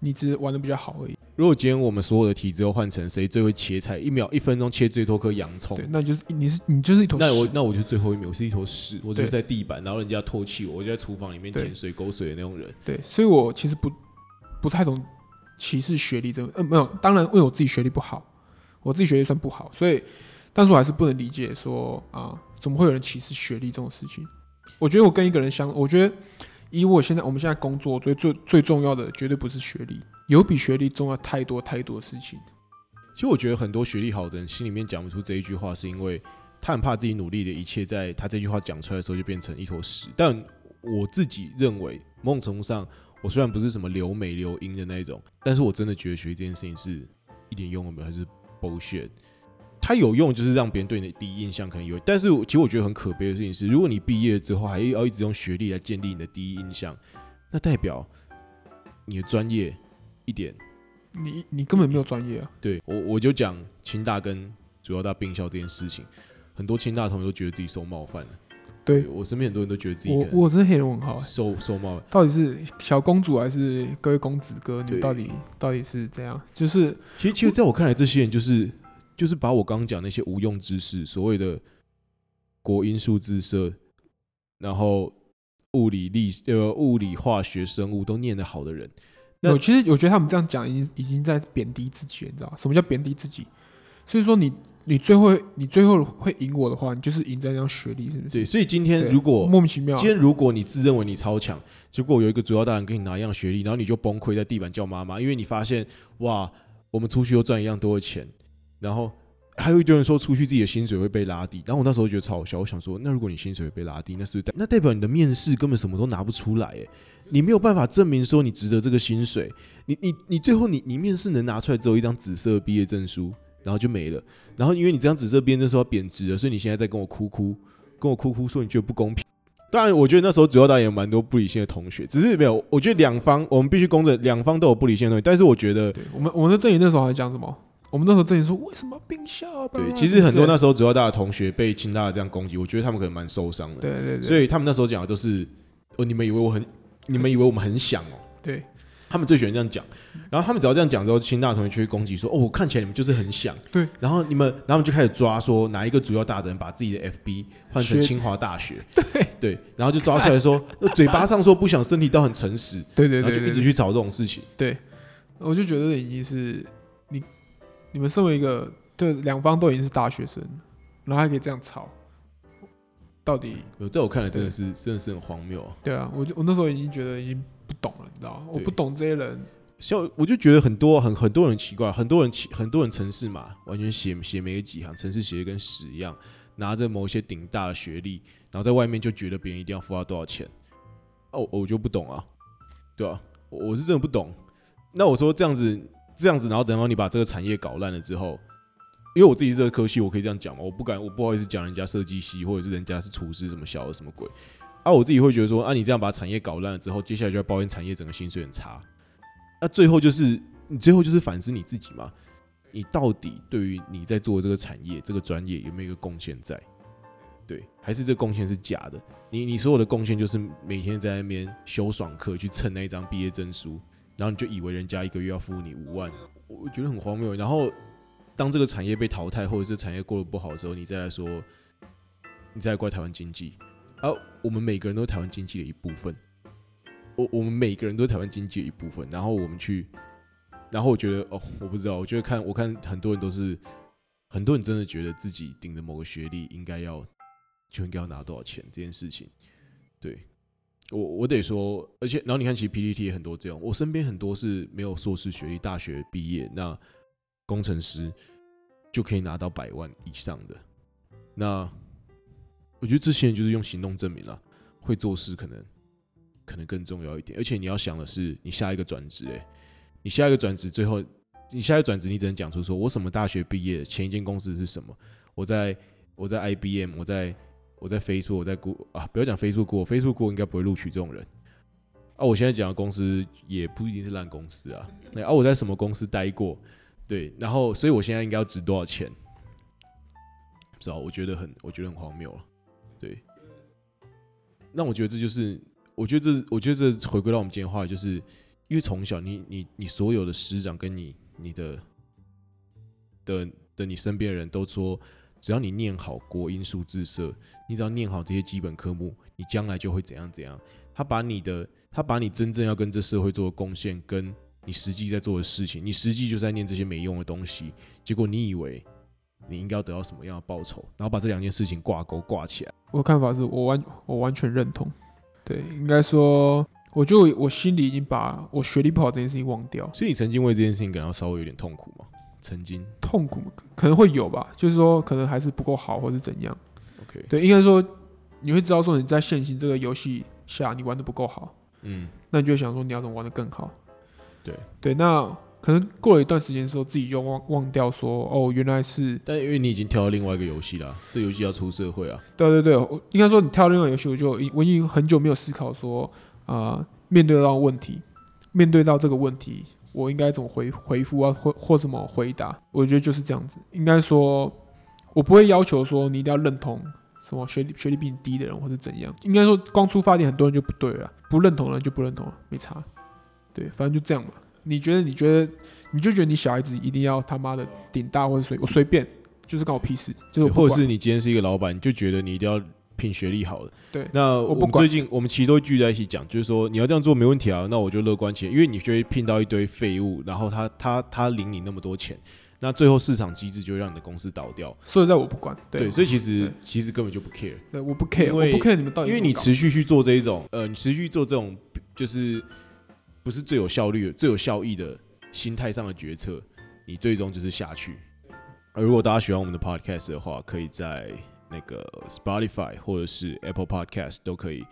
你只玩得比較好而已。如果今天我們所有的題都換成誰最會切菜，一秒、一分鐘切最多顆洋蔥，對，那就是你是你就是一頭屎。那我那我就最後一秒，我是一頭屎，我就對在地板，然後人家唾棄我，我就在廚房裡面撿水、溝水的那種人對。對，所以我其實不不太懂歧視學歷這，呃，沒有，當然，因為我自己學歷不好，我自己學歷算不好，所以。但是我還是不能理解說，說啊，怎麼會有人歧視學歷這種事情？我覺得我跟一個人相，我覺得以我現在，我們現在工作最最最重要的，絕對不是學歷，有比學歷重要太多太多的事情。其實我覺得很多學歷好的人心裡面講不出這一句話，是因為他很怕自己努力的一切，在他這句話講出來的時候就變成一坨屎。但我自己認為，某種程度上，我雖然不是什麼留美留英的那一種，但是我真的覺得學歷這件事情是一點用都沒有，還是 bullshit。它有用，就是讓別人對你的第一印象可能有。但是，其實我覺得很可悲的事情是，如果你畢業之後還要一直用學歷來建立你的第一印象，那代表你的專業一點你。你你根本沒有專業啊！對，我我就講清大跟主要大併校這件事情，很多清大同學都覺得自己受、so、冒犯了。對，對我身邊很多人都覺得自己 so, 我我是黑人問號、欸、受受冒犯，到底是小公主還是各位公子哥？你們到底對到底是怎樣？就是其實其實在我看來，這些人就是。就是把我剛剛講那些無用知識，所謂的國英數自社，然後物理、歷呃物理、化學生物都念得好的人，那其實我覺得他們這樣講已經已經在貶低自己，你知道嗎？什麼叫貶低自己？所以說你你最後你最後會贏我的話，你就是贏在那張學歷，是不是？對。所以今天如果莫名其妙，今天如果你自認為你超強，結果有一個主要大人給你拿一樣學歷，然後你就崩潰在地板叫媽媽，因為你發現哇，我們出去又賺一樣多的錢。然後還有一堆人說出去自己的薪水會被拉低，然後我那時候就覺得超好笑，我想說，那如果你薪水被拉低，那是不是代那代表你的面試根本什麼都拿不出來？哎，你沒有辦法證明說你值得這個薪水，你你你最後你你面試能拿出來只有一張紫色畢業證書，然後就沒了。然後因為你這張紫色畢業證書要貶值了，所以你現在在跟我哭哭，跟我哭哭說你覺得不公平。當然，我覺得那時候主要導演，有蠻多不理性的同學，只是沒有，我覺得兩方我們必須公正，兩方都有不理性的東西，但是我覺得，我們我們在陣營那時候還講什麼？我們那時候之前說為什麼要併校啊？對，其實很多那時候主要大的同學被清大的這樣攻擊，我覺得他們可能蠻受傷的。對對對。所以他們那時候講的都是哦，你們以為我很，你們以為我們很想哦。對。他們最喜歡這樣講，然後他們只要這樣講之後，清大的同學就會攻擊說：“哦，我看起來你們就是很想。”對。然後你們，然後就開始抓說哪一個主要大的人把自己的 FB 換成清華大學。對。對，然後就抓出來說，那嘴巴上說不想，身體倒很誠實。對對對，對對對。就一直去找這種事情。對。我就覺得已經是。你們身為一個，對兩方都已經是大學生，然後還可以這樣吵，到底？有、呃，在我看來真的是對真的是很荒謬、啊、對啊，我就我那時候已經覺得已經不懂了，你知道對我不懂這些人。像我就覺得很多、啊、很很多人奇怪，很多人奇很多人新詩嘛，完全寫寫沒幾行，新詩寫的跟屎一樣，拿着某些頂大的學歷，然後在外面就覺得別人一定要付他多少錢，哦、啊，我就不懂啊，對吧、啊？我是真的不懂。那我說這樣子。這樣子，然後等到你把這個產業搞爛了之後，因為我自己這個科系，我可以這樣講嘛，我不敢，我不好意思講人家設計系或者是人家是廚師什麼小的什麼鬼，啊，我自己會覺得說，啊，你這樣把產業搞爛了之後，接下來就要抱怨產業整個薪水很差，啊，那最後就是你最後就是反思你自己嘛，你到底對於你在做的這個產業這個專業有沒有一個貢獻在？對，還是這貢獻是假的？你你你所有的貢獻就是每天在那邊修爽課去蹭那一張畢業證書。然後你就以為人家一個月要付你五萬，我覺得很荒謬。然後當這個產業被淘汰，或者是產業過得不好的時候，你再來說，你再來怪台灣經濟啊，我們每個人都是台灣經濟的一部分，我我們每個人都是台灣經濟的一部分。然後我們去，然後我覺得哦，我不知道，我覺得看我看很多人都是，很多人真的覺得自己頂着某個學歷應該要就應該要拿多少錢這件事情，對。我我得說，而且然後你看，其實 PTT 也很多這樣。我身邊很多是沒有碩士學歷，大學畢業那工程師就可以拿到百萬以上的。那我覺得這些人就是用行動證明了，會做事可能可能更重要一點。而且你要想的是你、欸，你下一個轉職，誒，你下一個轉職，最後你下一個轉職，你只能講出說我什麼大學畢業，前一間公司是什麼，我在我在 IBM，我在。我在 Facebook，我在過啊！不要講 Facebook 過，Facebook 過應該不會錄取這種人啊！我現在講的公司也不一定是爛公司啊。那啊，我在什麼公司待過？對，然後，所以我現在應該要值多少錢？不知道，我覺得很，我覺得很荒謬啊。對，那我覺得這就是，我覺得這，我覺得這回歸到我們今天話題，就是因為從小你、你、你所有的師長跟你、你的、的、的你身邊的人都說。只要你念好國英數自社，你只要念好這些基本科目，你將來就會怎樣怎樣。他把你的，他把你真正要跟這社會做的貢獻，跟你實際在做的事情，你實際就在念這些沒用的東西。結果你以為你應該要得到什麼樣的報酬，然後把這兩件事情掛鈎掛起來。我的看法是我完我完全認同，對，應該說，我就我心裡已經把我學歷不好這件事情忘掉。所以你曾經為這件事情感到稍微有點痛苦嗎？曾經痛苦可能會有吧，就是說可能還是不夠好，或是怎樣。OK，對，應該說你會知道說你在現行這個遊戲下你玩得不夠好，嗯，那你就想說你要怎麼玩得更好。對對，那可能過了一段時間之後，自己就忘忘掉說哦原來是，但因為你已經跳到另外一個遊戲了，這遊戲要出社會啊。對對對，應該說你跳另外遊戲，我就我已經很久沒有思考說啊，呃，面對到問題，面對到這個問題。我應該怎麼回回復啊？或或怎麼、啊、回答？我覺得就是這樣子。應該說，我不會要求說你一定要認同什麼學歷學歷比你低的人，或者怎樣。應該說，光出發點很多人就不對了，不認同了就不認同了、啊，沒差。對，反正就這樣嘛。你覺得？你覺得？你就覺得你小孩子一定要他媽的頂大或者誰？我隨便，就是幹我屁事。就是，或者是你今天是一個老闆，就覺得你一定要。聘學歷好了，對。那我們最近我們其實都會聚在一起講，就是說你要這樣做沒問題啊，那我就樂觀起來，因為你就會聘到一堆廢物，然後他他他領你那麼多錢，那最後市場機制就會讓你的公司倒掉。所以在我不管，對。對對，所以其實對其實根本就不 care，對，我不 care，為我不 care 你們到底，因為你持續去做這一種，對呃，你持續做這種就是不是最有效率的、最有效益的心態上的決策，你最終就是下去。對而如果大家喜歡我們的 podcast 的話，可以在。那個 Spotify 或者是 Apple Podcast 都可以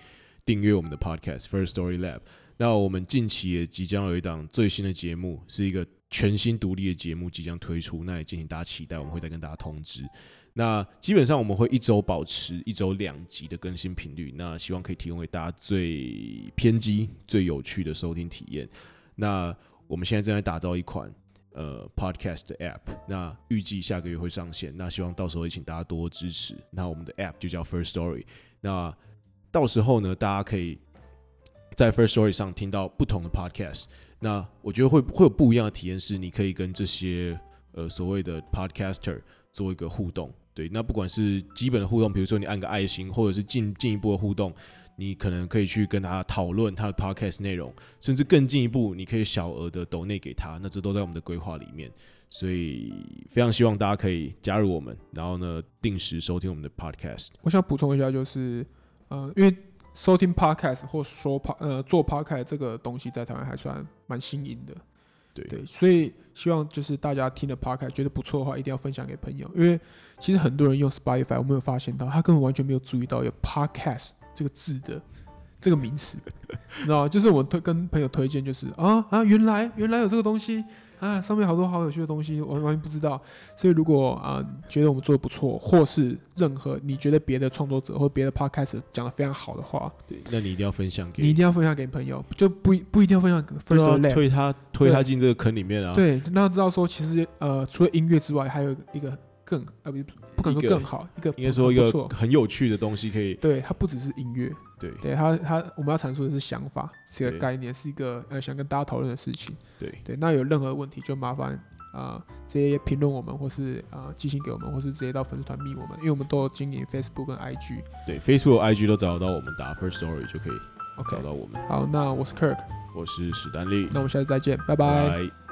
訂閱我們的 Podcast Firstory Lab。那我們近期也即將有一檔最新的節目，是一個全新獨立的節目即將推出，那也敬請大家期待，我們會再跟大家通知。那基本上我們會一周保持一周兩集的更新頻率，那希望可以提供給大家最偏激、最有趣的收聽體驗。那我們現在正在打造一款。呃，podcast 的 app，那預計下個月會上線，那希望到時候也請大家多多支持。那我們的 app 就叫 Firstory，那到時候呢，大家可以，在 Firstory 上聽到不同的 podcast，那我覺得會會有不一樣的體驗，是你可以跟這些呃所謂的 podcaster 做一個互動，對，那不管是基本的互動，比如說你按個愛心，或者是進進一步的互動。你可能可以去跟他討論他的 podcast 內容，甚至更進一步，你可以小額的抖內給他，那這都在我們的規劃裡面。所以非常希望大家可以加入我們，然後呢，定時收聽我們的 podcast。我想補充一下，就是呃，因為收聽 podcast 或說 p o 呃做 podcast 這個東西在台灣還算蠻新穎的，對對，所以希望就是大家聽了 podcast 覺得不錯的話，一定要分享給朋友，因為其實很多人用 Spotify，我沒有發現到他根本完全沒有注意到有 podcast。這個字的這個名詞， 你知道嗎？就是我推跟朋友推薦，就是啊啊，原來原來有這個東西啊，上面好多好有趣的東西，我完全不知道。所以如果啊、嗯、覺得我們做得不錯，或是任何你覺得別的創作者或別的 podcast 講得非常好的話，對，那你一定要分享給你，你一定要分享給你朋友，就不、嗯、不一定要分享給 Lam，推。推他推他進這個坑裡面啊，對，讓他知道說，其實呃除了音樂之外，還有一個。一個更啊、呃，不不，不可能說更好，一個應該說一個很有趣的東西可以對。對，它不只是音樂，對對它它，我們要闡述的是想法，對是一個概念，是一個呃想跟大家討論的事情，對對。那有任何問題就麻煩啊、呃、直接評論我們或是啊、呃、寄信給我們或是直接到粉絲團密我們，因為我們都有經營 Facebook 跟 IG，對 Facebook IG 都找得到我們，打 First Story 就可以找到我們，okay, 好，那我是 Kirk，我是史丹利，那我們下次再見，拜拜。